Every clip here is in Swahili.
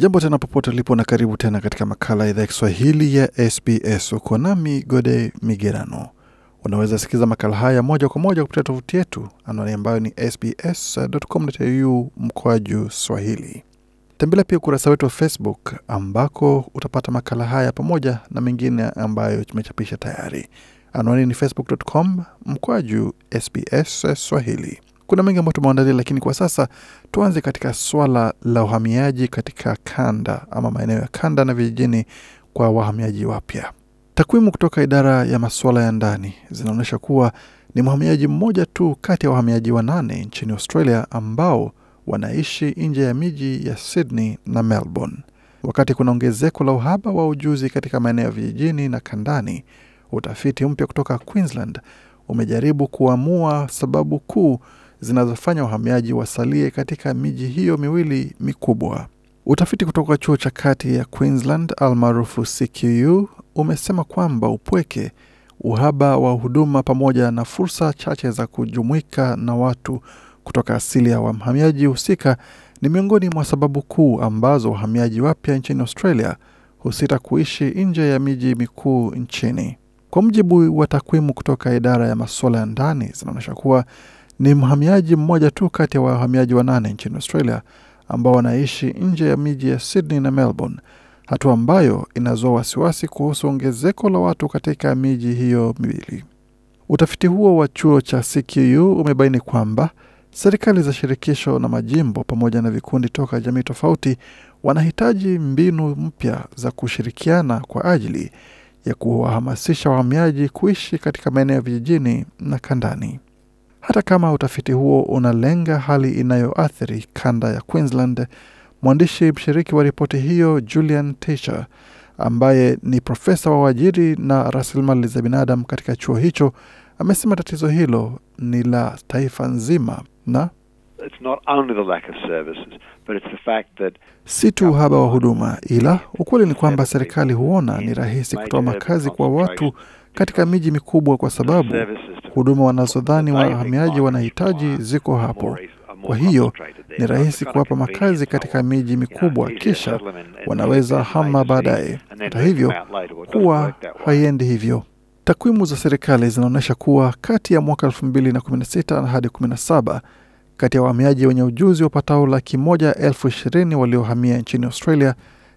Jambo tena popote ulipo na karibu tena katika makala ya idhaa ya Kiswahili ya SBS. Uko nami Gode Migerano. Unaweza sikiza makala haya moja kwa moja kupitia tovuti yetu, anwani ambayo ni sbs.com.au mkoaju swahili. Tembelea pia ukurasa wetu wa Facebook ambako utapata makala haya pamoja na mengine ambayo tumechapisha tayari. Anwani ni facebook.com mkoaju sbs swahili. Kuna mengi ambayo tumeandalia, lakini kwa sasa tuanze katika swala la uhamiaji katika kanda ama maeneo ya kanda na vijijini kwa wahamiaji wapya. Takwimu kutoka idara ya masuala ya ndani zinaonyesha kuwa ni mhamiaji mmoja tu kati ya wahamiaji wanane nchini Australia ambao wanaishi nje ya miji ya Sydney na Melbourne. Wakati kuna ongezeko la uhaba wa ujuzi katika maeneo ya vijijini na kandani, utafiti mpya kutoka Queensland umejaribu kuamua sababu kuu zinazofanya wahamiaji wasalie katika miji hiyo miwili mikubwa. Utafiti kutoka chuo cha kati ya Queensland almaarufu CQU umesema kwamba upweke, uhaba wa huduma, pamoja na fursa chache za kujumuika na watu kutoka asili ya wahamiaji husika ni miongoni mwa sababu kuu ambazo wahamiaji wapya nchini Australia husita kuishi nje ya miji mikuu nchini. Kwa mujibu wa takwimu kutoka idara ya masuala ya ndani, zinaonyesha kuwa ni mhamiaji mmoja tu kati ya wahamiaji wanane nchini Australia ambao wanaishi nje ya miji ya Sydney na Melbourne, hatua ambayo inazoa wasiwasi kuhusu ongezeko la watu katika miji hiyo miwili. Utafiti huo wa chuo cha CQU umebaini kwamba serikali za shirikisho na majimbo pamoja na vikundi toka jamii tofauti wanahitaji mbinu mpya za kushirikiana kwa ajili ya kuwahamasisha wahamiaji kuishi katika maeneo ya vijijini na kandani hata kama utafiti huo unalenga hali inayoathiri kanda ya Queensland. Mwandishi mshiriki wa ripoti hiyo Julian Tesher ambaye ni profesa wa uajiri na rasilimali za binadamu katika chuo hicho amesema tatizo hilo ni la taifa nzima, na si tu uhaba wa huduma, ila ukweli ni kwamba serikali huona ni rahisi kutoa makazi kwa watu katika miji mikubwa, kwa sababu huduma wanazodhani wahamiaji wanahitaji ziko hapo. Kwa hiyo ni rahisi kuwapa makazi katika miji mikubwa, kisha wanaweza hama baadaye. Hata hivyo, kuwa haiendi hivyo. Takwimu za serikali zinaonyesha kuwa kati ya mwaka 2016 hadi 17 kati ya wahamiaji wenye ujuzi wapatao laki moja elfu ishirini waliohamia nchini Australia,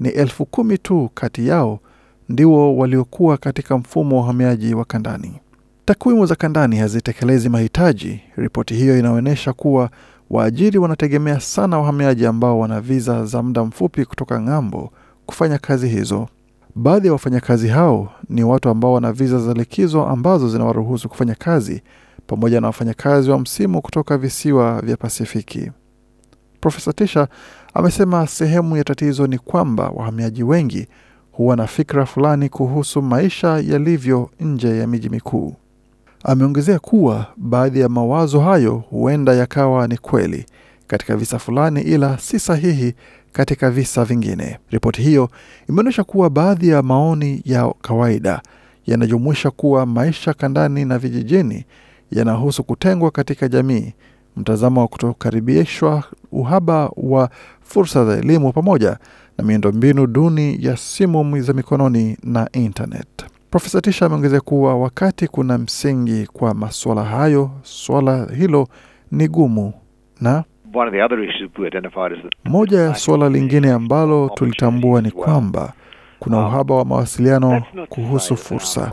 ni elfu kumi tu kati yao ndiwo waliokuwa katika mfumo wa uhamiaji wa kandani. Takwimu za kandani hazitekelezi mahitaji. Ripoti hiyo inaonyesha kuwa waajiri wanategemea sana wahamiaji ambao wana viza za muda mfupi kutoka ng'ambo kufanya kazi hizo. Baadhi ya wafanyakazi hao ni watu ambao wana viza za likizo ambazo zinawaruhusu kufanya kazi pamoja na wafanyakazi wa msimu kutoka visiwa vya Pasifiki. Profesa Tisha amesema sehemu ya tatizo ni kwamba wahamiaji wengi huwa na fikra fulani kuhusu maisha yalivyo nje ya miji mikuu. Ameongezea kuwa baadhi ya mawazo hayo huenda yakawa ni kweli katika visa fulani, ila si sahihi katika visa vingine. Ripoti hiyo imeonyesha kuwa baadhi ya maoni ya kawaida yanajumuisha kuwa maisha kandani na vijijini yanahusu kutengwa katika jamii, mtazamo wa kutokaribishwa, uhaba wa fursa za elimu, pamoja na mbinu duni ya simu za mikononi na internet. Profesa Tisha ameongezea kuwa wakati kuna msingi kwa masuala hayo, swala hilo ni gumu na moja ya suala lingine ambalo tulitambua ni kwamba kuna um, uhaba wa mawasiliano kuhusu fursa.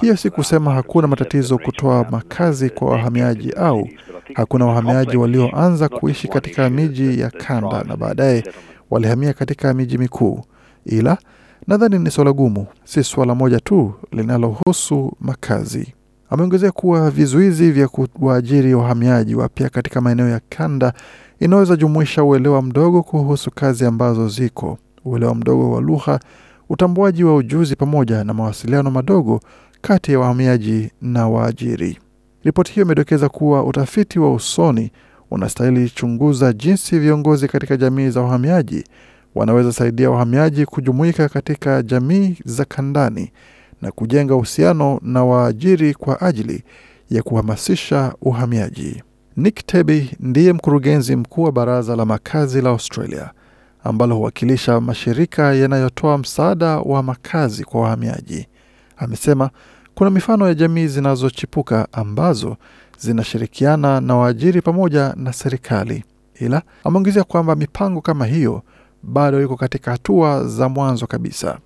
Hiyo si kusema hakuna matatizo kutoa makazi kwa wahamiaji au hakuna wahamiaji walioanza kuishi katika miji ya kanda na baadaye walihamia katika miji mikuu, ila nadhani ni swala gumu, si swala moja tu linalohusu makazi. Ameongezea kuwa vizuizi vya kuwaajiri wahamiaji wapya katika maeneo ya kanda inaweza jumuisha uelewa mdogo kuhusu kazi ambazo ziko, uelewa mdogo wa lugha, utambuaji wa ujuzi, pamoja na mawasiliano madogo kati ya wahamiaji na waajiri. Ripoti hiyo imedokeza kuwa utafiti wa usoni unastahili chunguza jinsi viongozi katika jamii za wahamiaji wanaweza saidia wahamiaji kujumuika katika jamii za kandani na kujenga uhusiano na waajiri kwa ajili ya kuhamasisha uhamiaji. Nick teby ndiye mkurugenzi mkuu wa baraza la makazi la Australia ambalo huwakilisha mashirika yanayotoa msaada wa makazi kwa wahamiaji. Amesema kuna mifano ya jamii zinazochipuka ambazo zinashirikiana na waajiri pamoja na serikali, ila ameongezea kwamba mipango kama hiyo bado iko katika hatua za mwanzo kabisa.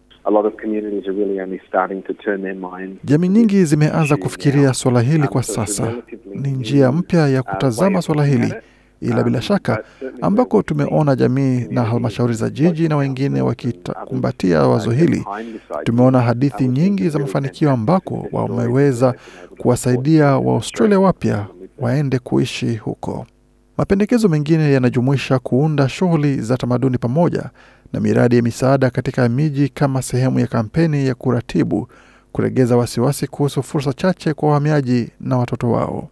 jamii nyingi zimeanza kufikiria swala hili kwa sasa. Ni njia mpya ya kutazama swala hili ila bila shaka ambako tumeona jamii na halmashauri za jiji na wengine wakikumbatia wazo hili, tumeona hadithi nyingi za mafanikio ambako wameweza kuwasaidia Waaustralia wapya waende kuishi huko. Mapendekezo mengine yanajumuisha kuunda shughuli za tamaduni pamoja na miradi ya misaada katika miji kama sehemu ya kampeni ya kuratibu, kuregeza wasiwasi kuhusu fursa chache kwa wahamiaji na watoto wao.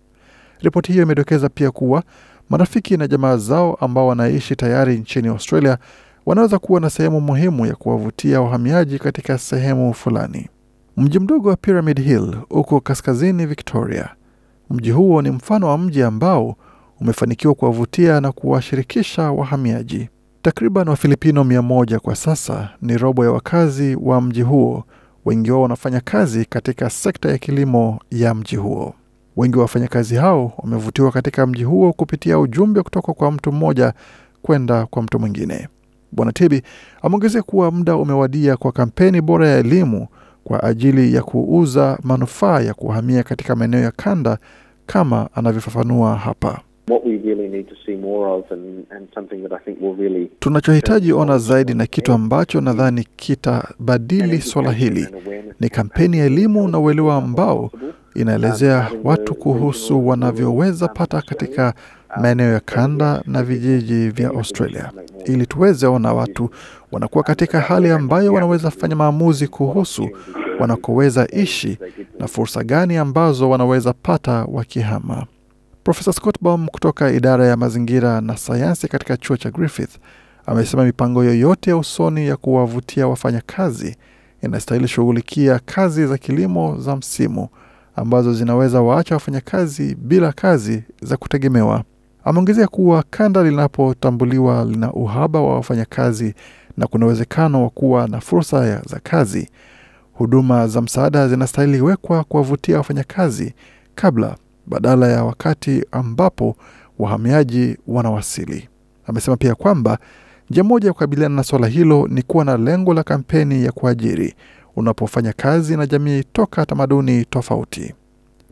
Ripoti hiyo imedokeza pia kuwa marafiki na jamaa zao ambao wanaishi tayari nchini Australia wanaweza kuwa na sehemu muhimu ya kuwavutia wahamiaji katika sehemu fulani. Mji mdogo wa Pyramid Hill uko kaskazini Victoria. Mji huo ni mfano wa mji ambao umefanikiwa kuwavutia na kuwashirikisha wahamiaji. Takriban Wafilipino mia moja kwa sasa ni robo ya wakazi wa mji huo. Wengi wao wanafanya kazi katika sekta ya kilimo ya mji huo. Wengi wa wafanyakazi hao wamevutiwa katika mji huo kupitia ujumbe kutoka kwa mtu mmoja kwenda kwa mtu mwingine. Bwana Tibi ameongezea kuwa muda umewadia kwa kampeni bora ya elimu kwa ajili ya kuuza manufaa ya kuhamia katika maeneo ya kanda, kama anavyofafanua hapa. Really tunachohitaji ona zaidi na kitu ambacho nadhani kitabadili swala hili ni kampeni ya elimu na uelewa ambao inaelezea watu kuhusu wanavyoweza pata katika maeneo ya kanda na vijiji vya Australia, ili tuweze ona watu wanakuwa katika hali ambayo wanaweza fanya maamuzi kuhusu wanakoweza ishi na fursa gani ambazo wanaweza pata wakihama. Profesa Scott Baum kutoka idara ya mazingira na sayansi katika chuo cha Griffith amesema mipango yoyote ya usoni ya kuwavutia wafanyakazi inastahili shughulikia kazi za kilimo za msimu ambazo zinaweza waacha wafanyakazi bila kazi za kutegemewa. Ameongezea kuwa kanda linapotambuliwa lina uhaba wa wafanyakazi na kuna uwezekano wa kuwa na fursa za kazi. Huduma za msaada zinastahili wekwa kuwavutia wafanyakazi kabla, badala ya wakati ambapo wahamiaji wanawasili. Amesema pia kwamba njia moja ya kukabiliana na suala hilo ni kuwa na lengo la kampeni ya kuajiri unapofanya kazi na jamii toka tamaduni tofauti.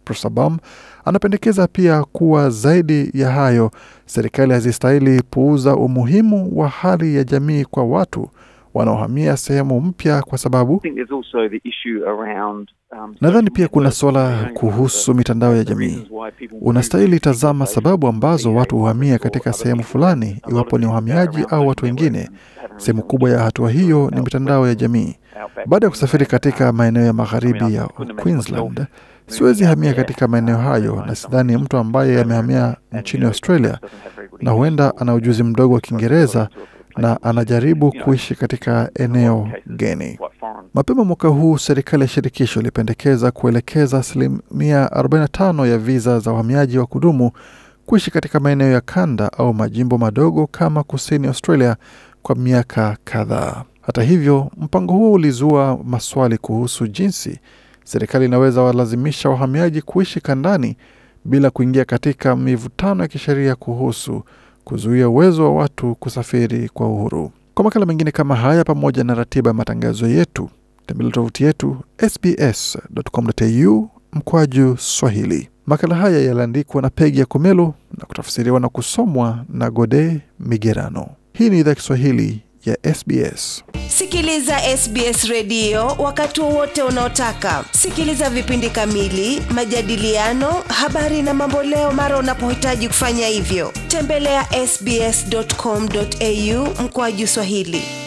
Profesa Baum anapendekeza pia kuwa zaidi ya hayo, serikali hazistahili puuza umuhimu wa hali ya jamii kwa watu wanaohamia sehemu mpya kwa sababu um, nadhani pia kuna suala kuhusu mitandao ya jamii. Unastahili tazama sababu ambazo watu huhamia katika sehemu fulani, iwapo ni uhamiaji au watu wengine. Sehemu kubwa ya hatua hiyo ni mitandao ya jamii. Baada ya kusafiri um, katika maeneo ya magharibi ya Queensland, siwezi hamia katika maeneo hayo, na sidhani mtu ambaye amehamia nchini uh, Australia na huenda ana ujuzi mdogo wa Kiingereza na anajaribu kuishi katika eneo geni. Mapema mwaka huu serikali ya shirikisho ilipendekeza kuelekeza asilimia 45 ya viza za wahamiaji wa kudumu kuishi katika maeneo ya kanda au majimbo madogo kama kusini Australia kwa miaka kadhaa. Hata hivyo, mpango huo ulizua maswali kuhusu jinsi serikali inaweza walazimisha wahamiaji kuishi kandani bila kuingia katika mivutano ya kisheria kuhusu kuzuia uwezo wa watu kusafiri kwa uhuru. Kwa makala mengine kama haya, pamoja na ratiba ya matangazo yetu, tembelea tovuti yetu sbs.com.au mkwaju Swahili. Makala haya yaliandikwa na Pegi ya kumelo na kutafsiriwa na kusomwa na Gode Migerano. Hii ni idhaa Kiswahili ya SBS. Sikiliza SBS redio wakati wowote unaotaka. Sikiliza vipindi kamili, majadiliano, habari na mamboleo mara unapohitaji kufanya hivyo. Tembelea ya sbs.com.au mkoaju Swahili.